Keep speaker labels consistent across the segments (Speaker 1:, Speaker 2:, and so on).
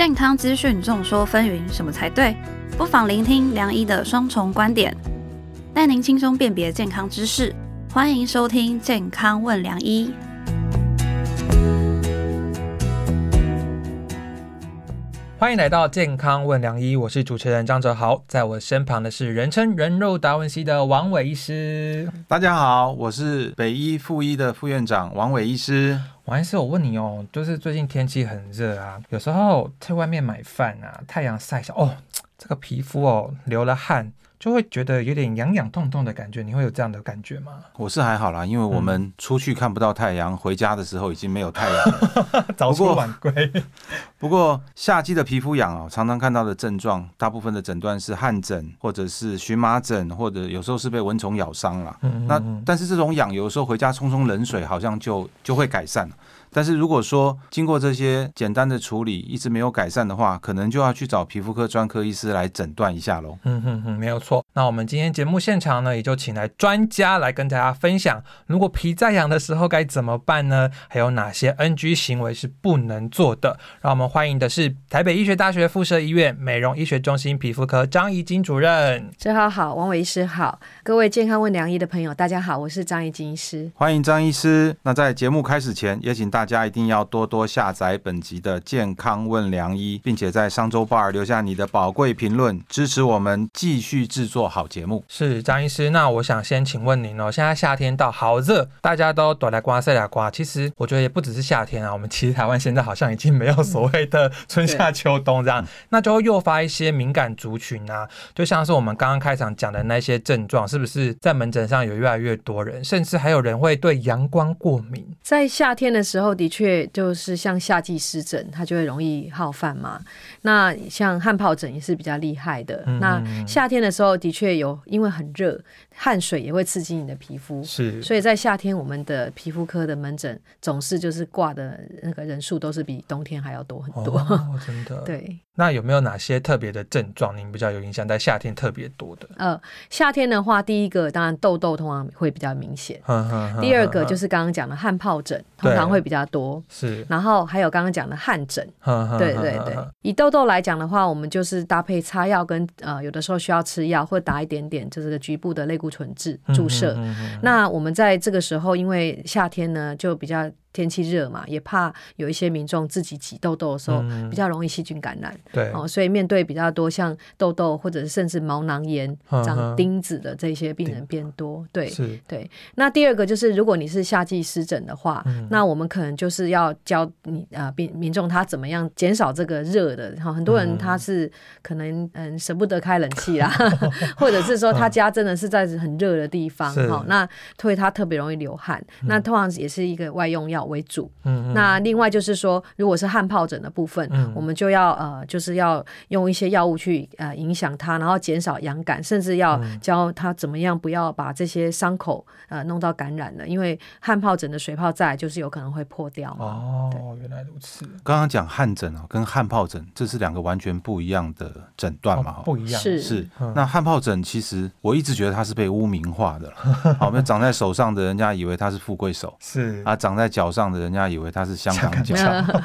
Speaker 1: 健康資訊眾說紛紜，什麼才對？不妨聆聽良醫的雙重觀點，帶您輕鬆辨別健康知識。歡迎收聽《健康問良醫》，歡迎來到《健康問良醫》，我是主持人張哲豪，在我身旁的是人稱“人肉達文西”的王偉醫師。大家好，我是北醫附醫的副院長王偉醫師。王醫師，我問你哦，就是最近天氣很熱啊，有時候在外面買飯啊，太陽曬一下，哦，這個皮膚哦，流了汗。就會覺得有點癢癢痛痛的感覺，你會有這樣的感覺嗎？
Speaker 2: 我是還好啦，因為我們出去看不到太陽，嗯、回家的時候已經沒有太陽了， 早出晚歸不過。不過夏季的皮膚癢、哦、常常看到的症狀，大部分的診斷是汗疹，或者是蕁麻疹，或者有時候是被蚊蟲咬傷了。嗯嗯嗯那但是這種癢，有時候回家沖沖冷水，好像就就會改善了。但是如果說經過這些簡單的處理一直沒有改善的話，可能就要去找皮膚科專科醫師來診斷一下嘍。嗯
Speaker 1: 哼哼，沒有錯。那我們今天節目現場呢，也就請來專家來跟大家分享，如果皮在癢的時候該怎麼辦呢？還有哪些 NG 行為是不能做的？讓我們歡迎的是台北醫學大學附設醫院美容醫學中心皮膚科張宜菁主任。
Speaker 3: 陳好好，王偉醫師好，各位健康問良醫的朋友，大家好，我是張宜菁醫師。
Speaker 2: 歡迎張醫師。那在節目開始前，也請大家大家一定要多多下載本集的《健康問良醫》，並且在商周報留下你的寶貴評論，支持我們繼續製作好節目。
Speaker 1: 是張醫師，那我想先請問您哦，現在夏天到，好熱，大家都躲來刮曬來刮。其實我覺得也不只是夏天啊，我們其實台灣現在好像已經沒有所謂的春夏秋冬這樣，嗯、那就會誘發一些敏感族群啊，就像是我們剛剛開場講的那些症狀，是不是在門診上有越來越多人，甚至還有人會對陽光過敏，
Speaker 3: 在夏天的時候。的確，就是像夏季濕疹，它就會容易好犯嘛。那像汗皰疹也是比較厲害的。嗯、哼那夏天的時候，的確有因為很熱，汗水也會刺激你的皮膚，是。所以在夏天，我們的皮膚科的門診總是就是掛的那個人數都是比冬天還要多很多。哦、真的。對。
Speaker 1: 那有沒有哪些特別的症狀，您比較有印象，在夏天特別多的？
Speaker 3: 呃，夏天的話，第一個當然痘痘通常會比較明顯。呵呵
Speaker 1: 呵呵呵，第二個就是剛
Speaker 3: 剛講的汗皰疹，對通常會比較。多是，然後還有剛剛講的汗疹，呵呵對對對。呵呵呵以痘痘來講的話，我們就是搭配擦藥跟呃，有的時候需要吃藥，或打一點點，就是個局部的類固醇治注射。嗯、呵呵那我們在這個時候，因為夏天呢，就比較。天氣熱嘛，也怕有一些民眾自己擠痘痘的時候比較容易細菌感染，對，哦，所以面對比較多像痘痘或者是甚至毛囊炎長釘子的這些病人變多，對，對。那第二個就是，如果你是夏季濕疹的話，那我們可能就是要教你啊，呃民眾他怎麼樣減少這個熱的。然後很多人他是可能嗯舍不得開冷氣啦，或者是說他家真的是在很熱的地方，哈，那所以他特別容易流汗。那通常也是一個外用藥。為主，嗯，嗯，那另外就是說，如果是汗皰疹的部分，嗯嗯我們就要呃，就是要用一些藥物去呃影響它，然後減少癢感，甚至要教他怎麼樣不要把這些傷口呃弄到感染了，因為汗皰疹的水泡再就是有可能會破掉。哦，對哦，原來
Speaker 1: 如此。剛
Speaker 2: 剛講汗疹啊，跟汗皰疹這是兩個完全不一樣的診斷嘛，哦，不一樣是，嗯、是。那汗皰疹其實我一直覺得它是被汙名化的，好， 那長在手上的人家以為它是富貴手，是啊，長在腳。上的人家以為它是香港腳，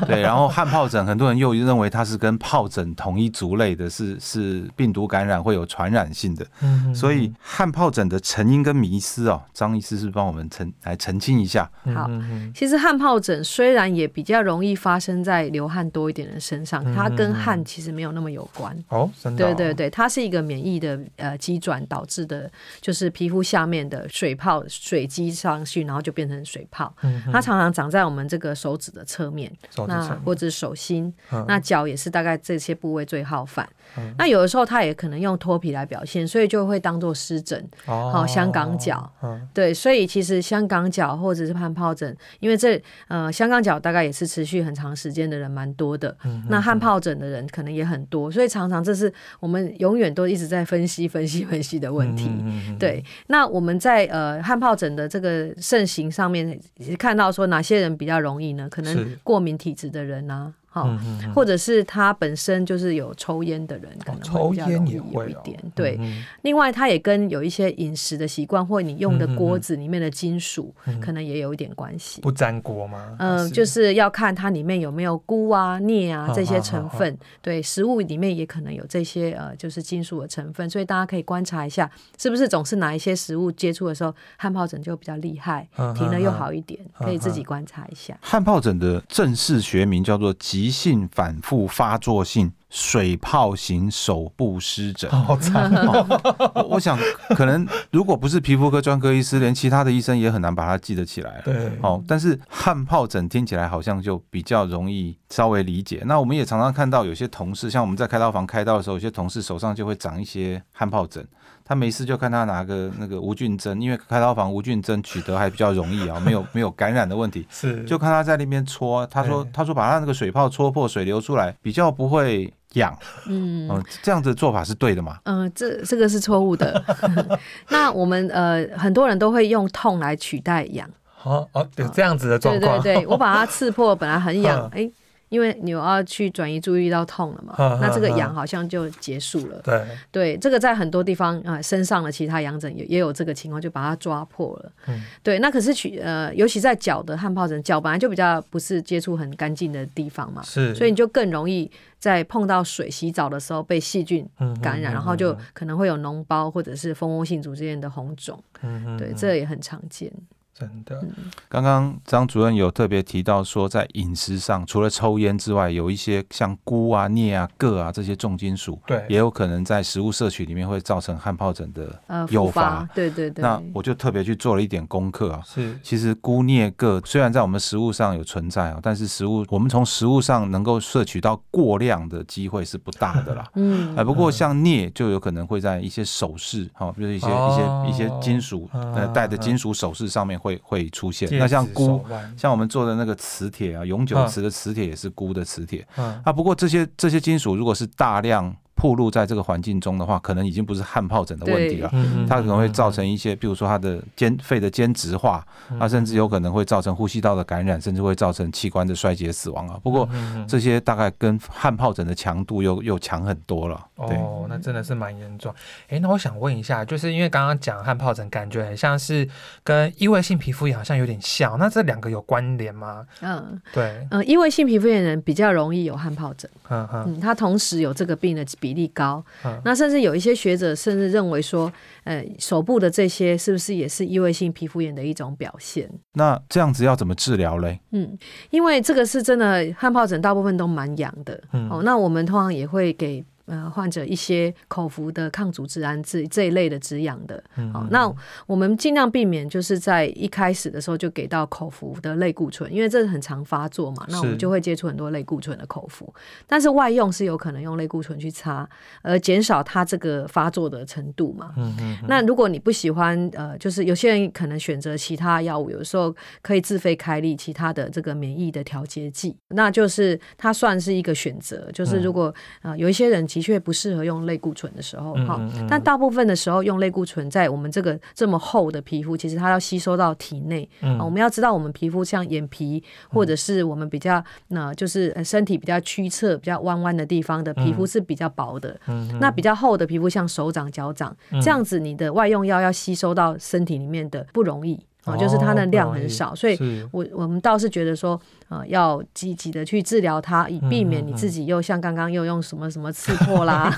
Speaker 2: 對，然後汗疱疹很多人又認為它是跟疱疹同一族類的，是是病毒感染會有傳染性的，所以汗疱疹的成因跟迷思哦，張醫師是幫我們澄來澄清一下、嗯
Speaker 3: 哼。好，其實汗疱疹雖然也比較容易發生在流汗多一點的身上，它跟汗其實沒有那麼有關。
Speaker 1: 哦，哦對對
Speaker 3: 對，它是一個免疫的呃機轉導致的，就是皮膚下面的水泡水積上去，然後就變成水泡。它常常。長在我們這個手指的側面，手指的側面，那或者手心，嗯、那腳也是大概這些部位最好反。嗯、那有的時候它也可能用脫皮來表現，所以就會當做濕疹。
Speaker 1: 好、哦，呃、香
Speaker 3: 港腳。哦嗯、對，所以其實香港腳或者是汗疱疹，因為這呃香港腳大概也是持續很長時間的人蠻多的。嗯嗯、那汗疱疹的人可能也很多，所以常常這是我們永遠都一直在分析分析分析的問題。嗯嗯、對，那我們在呃汗疱疹的這個盛行上面看到說哪。有些人比較容易呢，可能過敏體質的人啊。哦，或者是他本身就是有抽菸的人，可能抽菸也會
Speaker 1: 有一點。對，
Speaker 3: 另外他也跟有一些飲食的習慣，或你用的鍋子裡面的金屬，可能也有一點關係。
Speaker 1: 不粘鍋嗎？
Speaker 3: 嗯，就是要看它裡面有沒有鈷啊、鎳啊這些成分。對，食物裡面也可能有這些呃，就是金屬的成分。所以大家可以觀察一下，是不是總是哪一些食物接觸的時候，汗皰疹就比較厲害，停了又好一點，可以自己觀察一下。
Speaker 2: 汗皰疹的正式學名叫做急性、反复发作性。水泡型手部濕疹，好慘喔！我想可能如果不是皮膚科專科醫師，連其他的醫生也很難把它記得起來。對，哦，但是汗疱疹聽起來好像就比較容易稍微理解。那我們也常常看到有些同事，像我們在開刀房開刀的時候，有些同事手上就會長一些汗疱疹。他沒事就看他拿個那個無菌針，因為開刀房無菌針取得還比較容易啊，沒有沒有感染的問題。 是，就看他在那邊戳。他說他說把他那個水泡戳破，水流出來，比較不會。癢，嗯、呃，這樣子做法是對的嗎？嗯，
Speaker 3: 呃、這這個是錯誤的。 那我們呃，很多人都會用痛來取代癢。
Speaker 1: 哦 哦，有這樣子的狀況。嗯、對，對，對對，我把
Speaker 3: 它刺破，本來很癢， 欸因為你要去轉移注意力到痛了嘛，呵呵呵，那這個癢好像就結束了。對，對這個在很多地方啊、呃，身上的其他癢疹也有這個情況，就把它抓破了。嗯、對，那可是去呃，尤其在腳的汗皰疹，腳本來就比較不是接觸很乾淨的地方嘛，是所以你就更容易在碰到水洗澡的時候被細菌感染，嗯嗯、然後就可能會有膿包或者是蜂窩性組織炎的紅腫。嗯、哼對，嗯、哼這也很常見。真的，
Speaker 2: 剛剛張主任有特別提到說，在飲食上除了抽煙之外，有一些像鈷啊、鎳啊、鉻啊這些重金屬，對，也有可能在食物攝取裡面會造成汗皰疹的誘發、呃、發。對對對。那我就特別去做了一點功課啊。是。其實鈷、鎳、鉻雖然在我們食物上有存在啊，但是食物我們從食物上能夠攝取到過量的機會是不大的啦。嗯。哎、啊，不過像鎳就有可能會在一些首飾，哈、哦，比、就、如、是、一些、哦、一些一些金屬、哦、呃戴的金屬首飾上面。會會出現，那像鈷，腕像我們做的那個磁鐵啊，永久磁的磁鐵也是鈷的磁鐵，啊，啊，不過這些這些金屬如果是大量，暴露在這個環境中的話，可能已經不是汗疱疹的問題了。對它可能會造成一些，嗯、比如說它的間肺的間質化，嗯、啊，甚至有可能會造成呼吸道的感染，甚至會造成器官的衰竭死亡啊。不過這些大概跟汗疱疹的強度又又強很多了。哦，
Speaker 1: 那真的是蠻嚴重。哎、欸，那我想問一下，就是因為剛剛講汗疱疹，感覺很像是跟異位性皮膚炎好像有點像，那這兩個有關聯嗎？嗯，對，嗯、
Speaker 3: 呃，異位性皮膚炎的人比較容易有汗疱疹、嗯。嗯嗯，他同時有這個病的比例。力高，嗯、那甚至有一些學者甚至認為說，呃，手部的這些是不是也是異位性皮膚炎的一種表現？
Speaker 2: 那這樣子要怎麼治療嘞？嗯，
Speaker 3: 因為這個是真的，汗皰疹大部分都蠻癢的。嗯、哦，那我們通常也會給。呃，患者一些口服的抗組織胺這這一類的止癢的，好、嗯哼哦，那我們盡量避免就是在一開始的時候就給到口服的類固醇，因為這是很常發作嘛，那我們就會接觸很多類固醇的口服，是但是外用是有可能用類固醇去擦，而減少它這個發作的程度嘛。嗯嗯哼。那如果你不喜歡，呃，就是有些人可能選擇其他藥物，有時候可以自費開立其他的這個免疫的調節劑，那就是它算是一個選擇，就是如果啊、嗯呃、有一些人。的確不適合用類固醇的時候哈，嗯嗯、但大部分的時候用類固醇，在我們這個這麼厚的皮膚，其實它要吸收到體內，嗯啊，我們要知道我們皮膚像眼皮或者是我們比較那、呃、就是身體比較屈側，比較彎彎的地方的皮膚是比較薄的，嗯、那比較厚的皮膚像手掌、腳掌這樣子，你的外用藥要吸收到身體裡面的不容易。啊，就是它的量很少，哦、所以我我們倒是覺得說，呃，要積極的去治療它，以避免你自己又像剛剛又用什麼什麼刺破啦，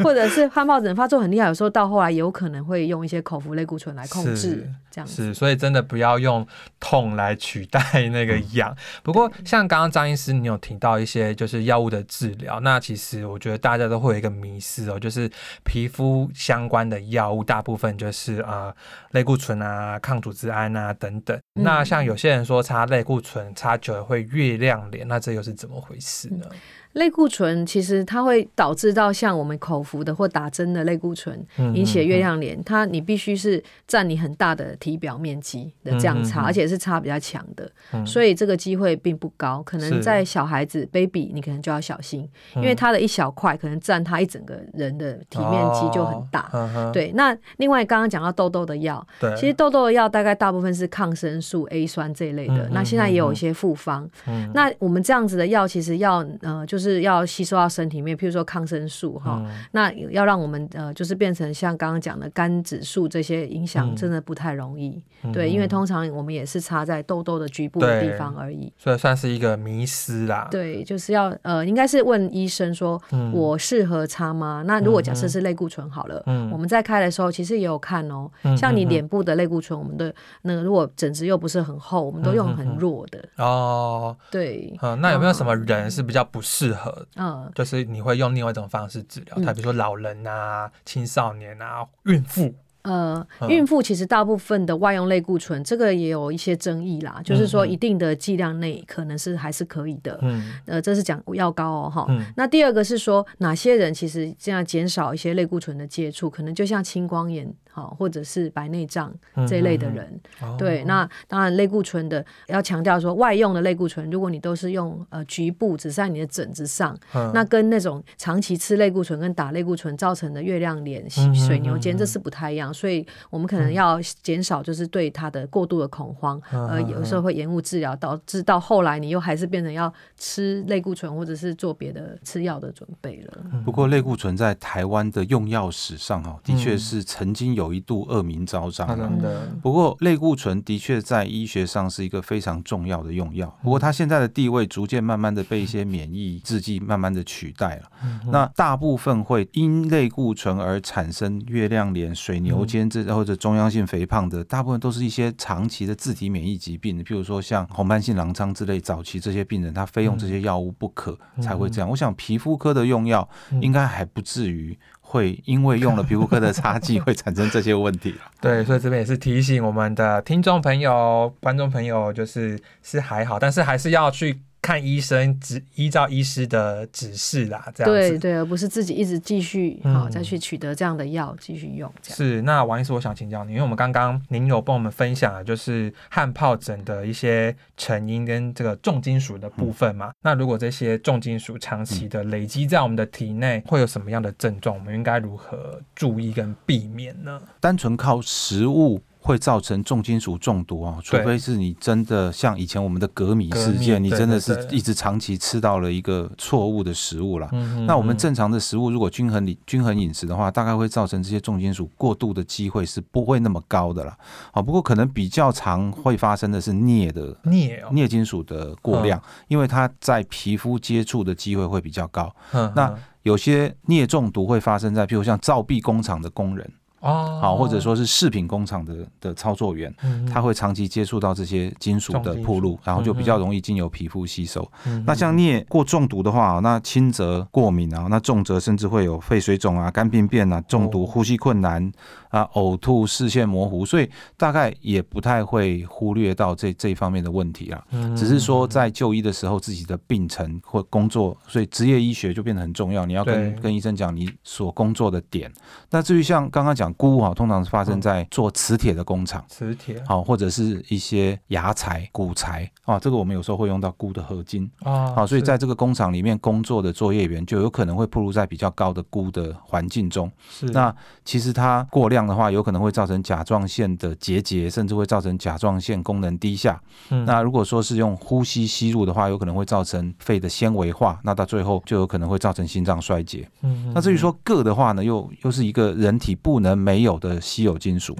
Speaker 1: 或
Speaker 3: 者是汗皰疹發作很厲害，有時候到後來有可能會用一些口服類固醇來控制。是這
Speaker 1: 樣子是，所以真的不要用痛來取代那個癢。嗯、不過像剛剛張醫師，你有提到一些就是藥物的治療，那其實我覺得大家都會有一個迷思哦，就是皮膚相關的藥物大部分就是啊、呃嗯、類固醇啊。啊，抗組織胺啊，等等。嗯、那像有些人說擦類固醇，擦久了會月亮臉，那這又是怎麼回事呢？嗯
Speaker 3: 類固醇其實它會導致到像我們口服的或打針的類固醇，引起的月亮臉。它你必須是佔你很大的體表面積的這樣差，而且是差比較強的，所以這個機會並不高。可能在小孩子 baby，你可能就要小心，因為它的一小塊可能佔它一整個人的體面積就很大。對，那另外剛剛講到痘痘的藥，其實痘痘的藥大概大部分是抗生素、A 酸這一類的。那現在也有一些複方。那我們這樣子的藥其實要呃就是。就是要吸收到身體裡面，譬如說抗生素哈，那要讓我們呃，就是變成像剛剛講的肝指數這些影響，真的不太容易。對，因為通常我們也是擦在痘痘的局部的地方而已，
Speaker 1: 所以算是一個迷思啦。
Speaker 3: 對，就是要呃，應該是問醫生說我適合擦嗎？那如果假設是類固醇好了，我們在開的時候其實也有看哦，像你臉部的類固醇，我們的那個如果疹子又不是很厚，我們都用很弱的
Speaker 1: 哦。對，那有沒有什麼人是比較不適？適合、嗯、就是你會用另外一種方式治療它，比如說老人啊、嗯、青少年啊、孕婦。
Speaker 3: 呃嗯、孕婦其實大部分的外用類固醇，這個也有一些爭議啦。嗯、就是說，一定的劑量內可能是還是可以的。嗯呃、這是講藥膏哦，嗯、那第二個是說，哪些人其實這樣減少一些類固醇的接觸，可能就像青光眼。好，或者是白內障
Speaker 1: 這一類的人，嗯嗯嗯、對，哦、
Speaker 3: 那當然類固醇的要強調說，外用的類固醇，如果你都是用呃局部只是在你的疹子上，嗯、那跟那種長期吃類固醇跟打類固醇造成的月亮臉、水牛肩，這是不太一樣，嗯嗯、所以我們可能要減少就是對它的過度的恐慌，嗯、呃，嗯、有時候會延誤治療，導致到後來你又還是變成要吃類固醇或者是做別的吃藥的準備了。
Speaker 2: 不過類固醇在台灣的用藥史上，哦，的確是曾經有。有一度惡名昭彰、啊，啊、的。不過類固醇的確在醫學上是一個非常重要的用藥。不過它現在的地位逐漸慢慢的被一些免疫製劑慢慢的取代了。嗯、哼那大部分會因類固醇而產生月亮臉、水牛肩這或者中央性肥胖的，嗯、大部分都是一些長期的自體免疫疾病，譬如說像紅斑性狼瘡之類。早期這些病人他非用這些藥物不可、嗯、哼才會這樣。我想皮膚科的用藥應該還
Speaker 1: 不至於。會因為用了皮膚科的擦劑會產生這些問題。 對，所以這邊也是提醒我們的聽眾朋友，觀眾朋友，就是是還好，但是還是要去。看醫生指依照醫師的指示啦，這樣子。對
Speaker 3: 對，而不是自己一直繼續好再去取得這樣的藥繼、嗯、續用
Speaker 1: 這樣。是，那王醫師，我想請教你，因為我們剛剛您有幫我們分享就是汗皰疹的一些成因跟這個重金屬的部分嘛？嗯、那如果這些重金屬長期的累積在我們的體內，會有什麼樣的症狀？我們應該如何注意跟避免呢？單純靠食物。
Speaker 2: 會造成重金屬中毒啊、哦，除非是你真的像以前我們的鎘米事件，對你真的是一直長期吃到了一個錯誤的食物了。對對對，那我們正常的食物如果均衡、均衡飲食的話，大概會造成這些重金屬過度的機會是不會那麼高的啦。哦、不過可能比較常會發生的是鎳的鎳，哦、鎳金屬的過量，嗯、因為它在皮膚接觸的機會會比較高。嗯嗯，那有些鎳中毒會發生在，譬如像造幣工廠的工人。哦，好，或者說是飾品工廠的的操作員，嗯、哼他會長期接觸到這些金屬的暴露，心然後就比較容易經由皮膚吸收。嗯、哼那像鎳過中毒的話，那輕則過敏啊，那重則甚至會有肺水腫啊、肝病變啊、中毒、哦、呼吸困難啊、嘔吐、視線模糊，所以大概也不太會忽略到這這方面的問題啊。嗯、哼只是說在就醫的時候，自己的病程或工作，所以職業醫學就變得很重要。你要跟對跟醫生講你所工作的點。那至於像剛剛講的。鈷啊，通常是發生在做磁鐵的工廠，磁鐵鐵啊，或者是一些牙材、骨材啊，這個我們有時候會用到鈷的合金哦。好、啊啊，所以在這個工廠裡面工作的作業員就有可能會暴露在比較高的鈷的環境中。是，那其實它過量的話，有可能會造成甲狀腺的結節，甚至會造成甲狀腺功能低下。嗯，那如果說是用呼吸吸入的話，有可能會造成肺的纖維化，那到最後就有可能會造成心臟衰竭。嗯，嗯，嗯，那至於說鉻的話呢，又又是一個人體不能。沒有的稀有金屬，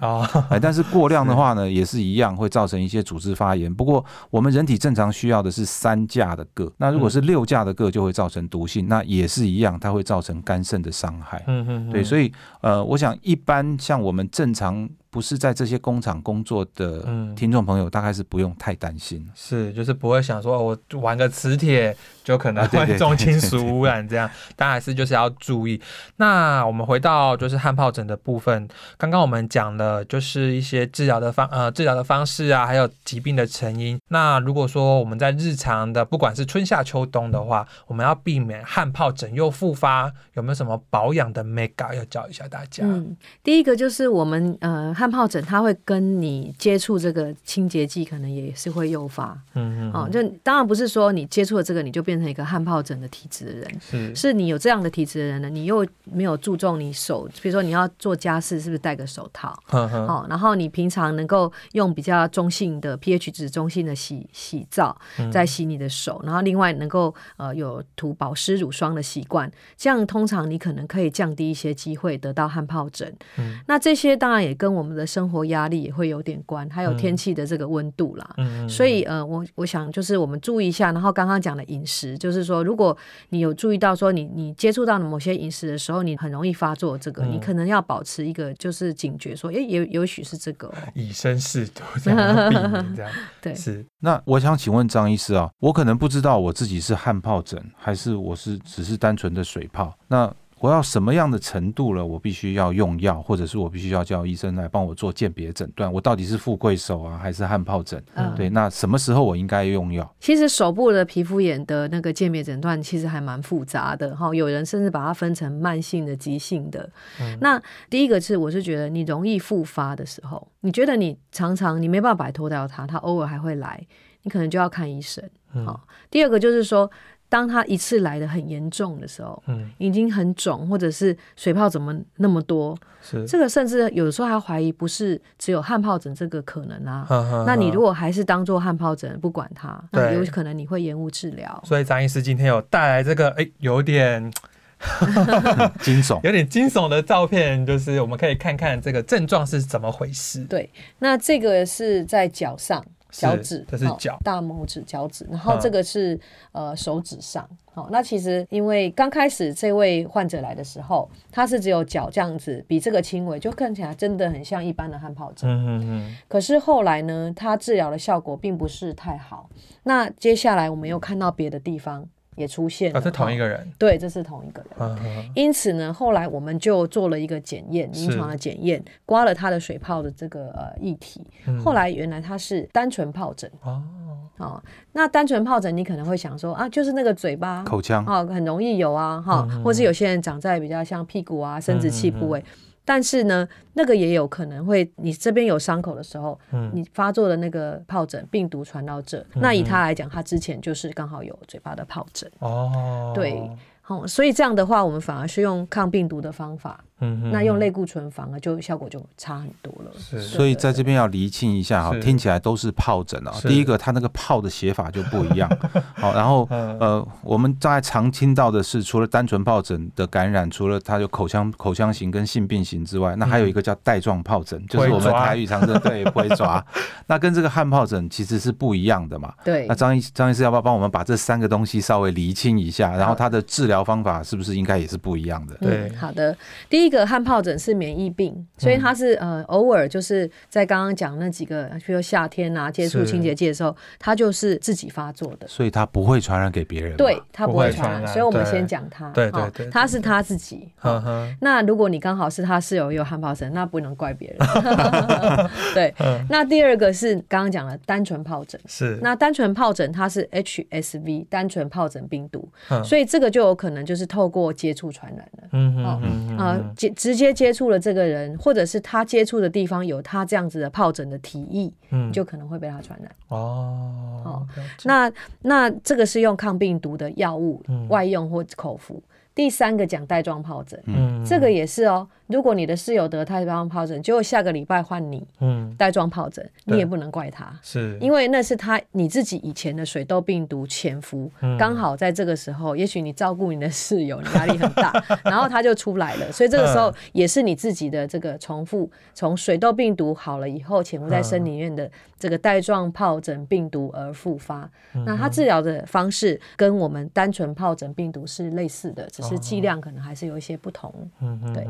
Speaker 2: 但是過量的話呢，也是一樣會造成一些組織發炎。不過我們人體正常需要的是三價的鉻，那如果是六價的鉻就會造成毒性，嗯、那也是一樣，它會造成肝腎的傷害。嗯、哼
Speaker 1: 哼，對，所以
Speaker 2: 呃，我想一般像我們正常。不是在這些工廠工作的聽眾朋友，嗯、大概是不用太擔心。
Speaker 1: 是，就是不會想說，哦、我玩個磁鐵就可能會重金屬污染這樣。但、啊、還是就是要注意。 那我們回到就是汗皰疹的部分，剛剛我們講了就是一些治療的方呃治療的方式啊，還有疾病的成因。那如果說我們在日常的不管是春夏秋冬的話，我們要避免汗皰疹又復發，有沒有什麼保養的 makeup 要教一下大家、嗯？
Speaker 3: 第一個就是我們呃。汗皰疹，它會跟你接觸這個清潔劑，可能也是會誘發。
Speaker 1: 嗯嗯哼。哦，
Speaker 3: 就當然不是說你接觸了這個你就變成一個汗皰疹的體質的人，是，是你有這樣的體質的人呢，你又沒有注重你手，比如說你要做家事是不是戴個手套？嗯好哼、哦，然後你平常能夠用比較中性的 pH 值中性的洗洗皂再洗你的手，嗯、然後另外能夠呃有塗保濕乳霜的習慣，這樣通常你可能可以降低一些機會得到汗皰疹。嗯。那這些當然也跟我們。我們的生活壓力也會有點關，還有天氣的這個溫度啦，嗯，嗯所以呃，我我想就是我們注意一下，然後剛剛講的飲食，就是說如果你有注意到說你你接觸到某些飲食的時候，你很容易發作這個，嗯、你可能要保持一個就是警覺說，說、欸、哎也也許是這個
Speaker 1: 以身試毒這樣
Speaker 3: 的病這
Speaker 2: 樣 對是那我想請問張醫師啊，我可能不知道我自己是汗疱疹還是我是只是單純的水泡，那。我要什麼樣的程度了？我必須要用藥，或者是我必須要叫醫生來幫我做鑑別診斷。我到底是富貴手啊，還是汗疱疹？嗯、對，那什麼時候我應該用藥？嗯。
Speaker 3: 其實手部的皮膚炎的那個鑑別診斷其實還蠻複雜的哈。有人甚至把它分成慢性的、急性的。嗯、那第一個是，我是覺得你容易復發的時候，你覺得你常常你沒辦法擺脫掉它，它偶爾還會來，你可能就要看醫生。好、嗯哦，第二個就是說。當他一次來的很嚴重的時候，嗯，已經很腫，或者是水泡怎麼那麼多？是這個，甚至有的時候還懷疑不是只有汗皰疹這個可能啊。呵呵呵，那你如果還是當做汗皰疹不管它，對那有可能你會延誤治療。
Speaker 1: 所以張醫師今天有帶來這個，欸、有點、 嗯、驚悚，有點驚悚的照片，就是我們可以看看這個症狀是怎麼回事。對，
Speaker 3: 那這個是在腳上。腳趾腳、哦，大拇指、腳趾，然後這個是、嗯、呃手指上。好、哦，那其實因為剛開始這位患者來的時候，他是只有腳這樣子，比這個輕微，就看起來真的很像一般的汗皰疹。嗯、哼哼可是後來呢，他治療的效果並不是太好。那接下來我們又看到別的地方。也出現啊，這同一個人、哦。對，這是同一個人。呵呵因此呢，後來我們就做了一個檢驗，臨是床的檢驗，刮了他的水泡的這個液體，呃嗯、後來原來他是單純皰疹。哦，哦，那單純皰疹你可能會想說啊，就是那個嘴巴、口腔啊、哦，很容易有啊，哈、哦，嗯、或是有些人長在比較像屁股啊、生殖器部位。嗯嗯嗯但是呢，那個也有可能會，你這邊有傷口的時候，嗯、你發作的那個疱疹病毒傳到這。嗯、哼那以他來講，他之前就是剛好有嘴巴的疱疹。哦，對，好、嗯，所以這樣的話，我們反而是用抗病毒的方法。嗯，那用類固醇防啊，就效果就差很多了。是，所以在
Speaker 2: 這邊要釐清一下哈，聽起來都是疱疹啊。第一個，它那個「疱」的寫法就不一樣。好，然後呃，我們在常聽到的是，除了單純疱疹的感染，除了它就口腔、口腔型跟性病型之外，那還有一個叫帶狀疱疹，就是我們台語常說對，不會抓。那跟這個汗疱疹其實是不一樣的嘛。對。那張醫張醫師要不要幫我們把這三個東西稍微釐清一下？然後它的治療方法是不是應該也是不一樣的？對，
Speaker 3: 好的，第一。一個汗皰疹是免疫病，所以他是呃偶爾就是在剛剛講那幾個，譬如，夏天啊，接觸清潔劑的時候，他就是自己發作的，
Speaker 2: 所以他不會傳染給別人。對，他不會傳染，所以我們先講他。對對，
Speaker 3: 他是他自己。那如果你剛好是他室友有汗皰疹，那不能怪別人。對。那第二個是剛剛講的單純皰疹，是，那單純皰疹它是 HSV 單純皰疹病毒，所以這個就有可能就是透過接觸傳染的。嗯
Speaker 1: 嗯嗯啊。
Speaker 3: 直直接接觸了這個人，或者是他接觸的地方有他這樣子的疱疹的體液，嗯，就可能會被他傳染。
Speaker 1: 哦，哦，
Speaker 3: 了解。那那這個是用抗病毒的藥物，嗯，外用或口服。第三個講帶狀疱疹，嗯，這個也是哦。如果你的室友得帶狀疱疹，結果下個禮拜換你帶狀疱疹，嗯、你也不能怪他，是因為那是他你自己以前的水痘病毒潛伏，剛、嗯、好在這個時候，也許你照顧你的室友壓力很大， 然後他就出來了，所以這個時候也是你自己的這個重複，從、嗯、水痘病毒好了以後潛伏在身裡面的這個帶狀疱疹病毒而復發。嗯、那他治療的方式跟我們單純疱疹病毒是類似的，只是劑量可能還是有一些不同。嗯
Speaker 1: 對，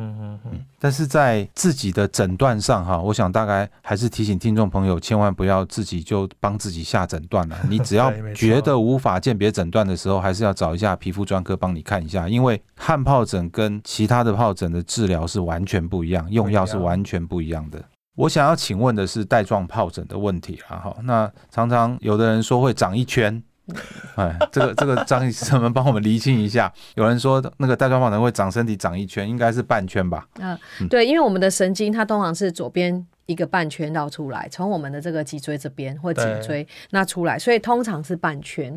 Speaker 2: 嗯，但是在自己的診斷上哈，我想大概還是提醒聽眾朋友，千萬不要自己就幫自己下診斷了。你只要覺得無法鑑別診斷的時候，還是要找一下皮膚專科幫你看一下，因為汗疱疹跟其他的疱疹的治療是完全不一樣，用藥是完全不一樣的。不一樣。我想要請問的是帶狀疱疹的問題啊。哈，那常常有的人說會長一圈。 哎，這個這個張醫生們幫我們理清一下， 有人說那個帶狀疱疹會長身體長一圈，應該是半圈吧？
Speaker 3: 呃嗯、對，因為我們的神經它通常是左邊。一個半圈繞出來，從我們的這個脊椎這邊或頸椎那出來，所以通常是半圈。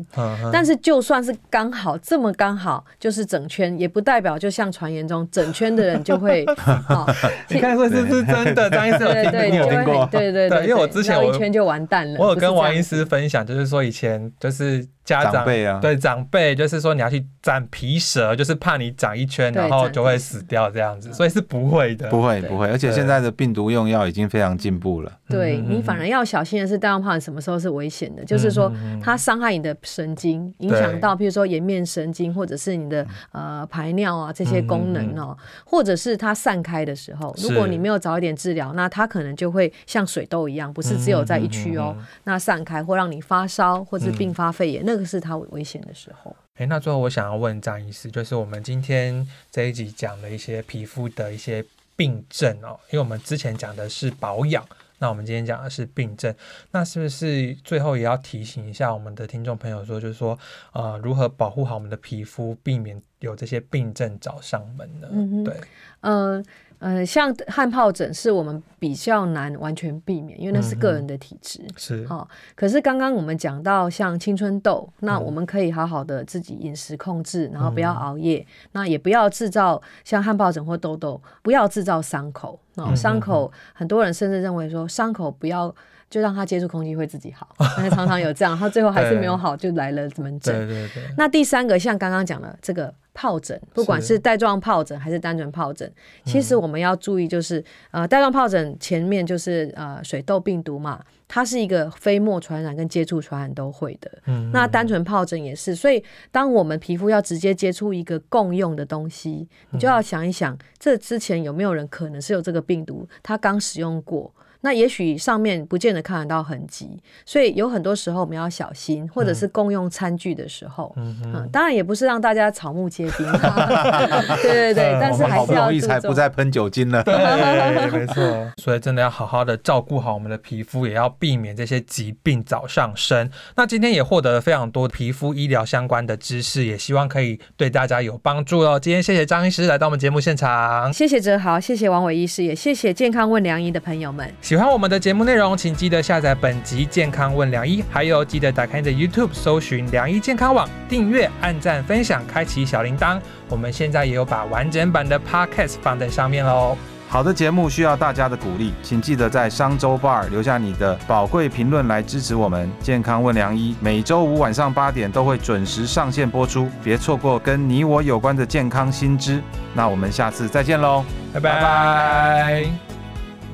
Speaker 3: 但是就算是剛好這麼剛好，就是整圈，也不代表就像傳言中整圈的人就會啊。你看是不是真的，張醫生？對對對對對，因為我之前有一圈就完蛋了。我有跟王醫
Speaker 1: 師分享，就是說以前就是家長對長輩就是說你要去斬皮蛇，就是怕你長一圈然後就會死掉這樣子，所以是不會的，不會
Speaker 2: 不會。而且現在的病毒用藥已經非常進步了，
Speaker 3: 對，你反而要小心的是帶狀疱疹什麼時候是危險的？嗯嗯嗯就是說它傷害你的神經，嗯嗯嗯影響到譬如說顏面神經對或者是你的呃排尿啊這些功能哦、喔，嗯嗯嗯嗯或者是它散開的時候，是如果你沒有早一點治療，那它可能就會像水痘一樣，不是只有在一區哦、喔，嗯嗯嗯嗯那散開或讓你發燒，或是併發肺炎，嗯、那個是它危險的時候。
Speaker 1: 哎、欸，那最後我想要問張醫師，就是我們今天這一集講了一些皮膚的一些。病症哦，因為我們之前講的是保養，那我們今天講的是病症，那是不是最後也要提醒一下我們的聽眾朋友，說就是說，呃，如何保護好我們的皮膚，避免有這些病症找上門
Speaker 3: 了，對，嗯嗯，像汗皰疹是我們比較難完全避免，因為那是個人的體質。是，可是剛剛我們講到像青春痘，那我們可以好好的自己飲食控制，然後不要熬夜，那也不要製造像汗皰疹或痘痘，不要製造傷口。那傷口很多人甚至認為說傷口不要就讓它接觸空氣會自己好，但是常常有這樣，它最後還是沒有好，就來了門診。對對對。那第三個像剛剛講的這個。皰疹，不管是帶狀皰疹還是單純皰疹，嗯、其實我們要注意，就是呃，帶狀皰疹前面就是呃水痘病毒嘛，它是一個飛沫傳染跟接觸傳染都會的。嗯，嗯，嗯，那單純皰疹也是，所以當我們皮膚要直接接觸一個共用的東西，你就要想一想，這之前有沒有人可能是有這個病毒，他剛使用過。那也許上面不見得看得到痕跡，所以有很多時候我們要小心，或者是共用餐具
Speaker 1: 的時候，嗯，嗯，
Speaker 3: 當然也不是讓大家草木皆兵，啊，
Speaker 2: 對對對，嗯、但是還
Speaker 1: 是要注重，我們好不容易才不再噴酒精了，沒錯。所以真的要好好的照顧好我們的皮膚，也要避免這些疾病早上生。那今天也獲得了非常多皮膚醫療相關的知識，也希望可以對大家有幫助哦。今天謝謝張醫師來到我們節目現場，謝
Speaker 3: 謝哲豪，謝謝王偉醫師，也謝謝健康問良醫的朋友們。
Speaker 1: 喜歡我們的節目內容，請記得下載本集《健康問良醫》，還有記得打開你的 YouTube 搜尋“良醫健康網”，訂閱、按讚、分享、開啟小鈴鐺。我們現在也有把完整版的 Podcast 放在上面咯。
Speaker 2: 好的節目需要大家的鼓勵，請記得在商周 Bar 留下你的寶貴評論來支持我們。健康問良醫每周五晚上八點都會準時上線播出，別錯過跟你我有關的健康新知。那我們下
Speaker 1: 次再見嘍，拜拜。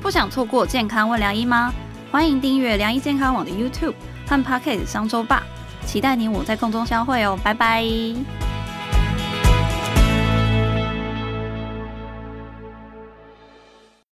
Speaker 1: 不想錯過健康問良醫嗎？歡迎訂閱良醫健康網的 YouTube 和 Pocket 商周吧，期待你我在空中相會哦，拜拜。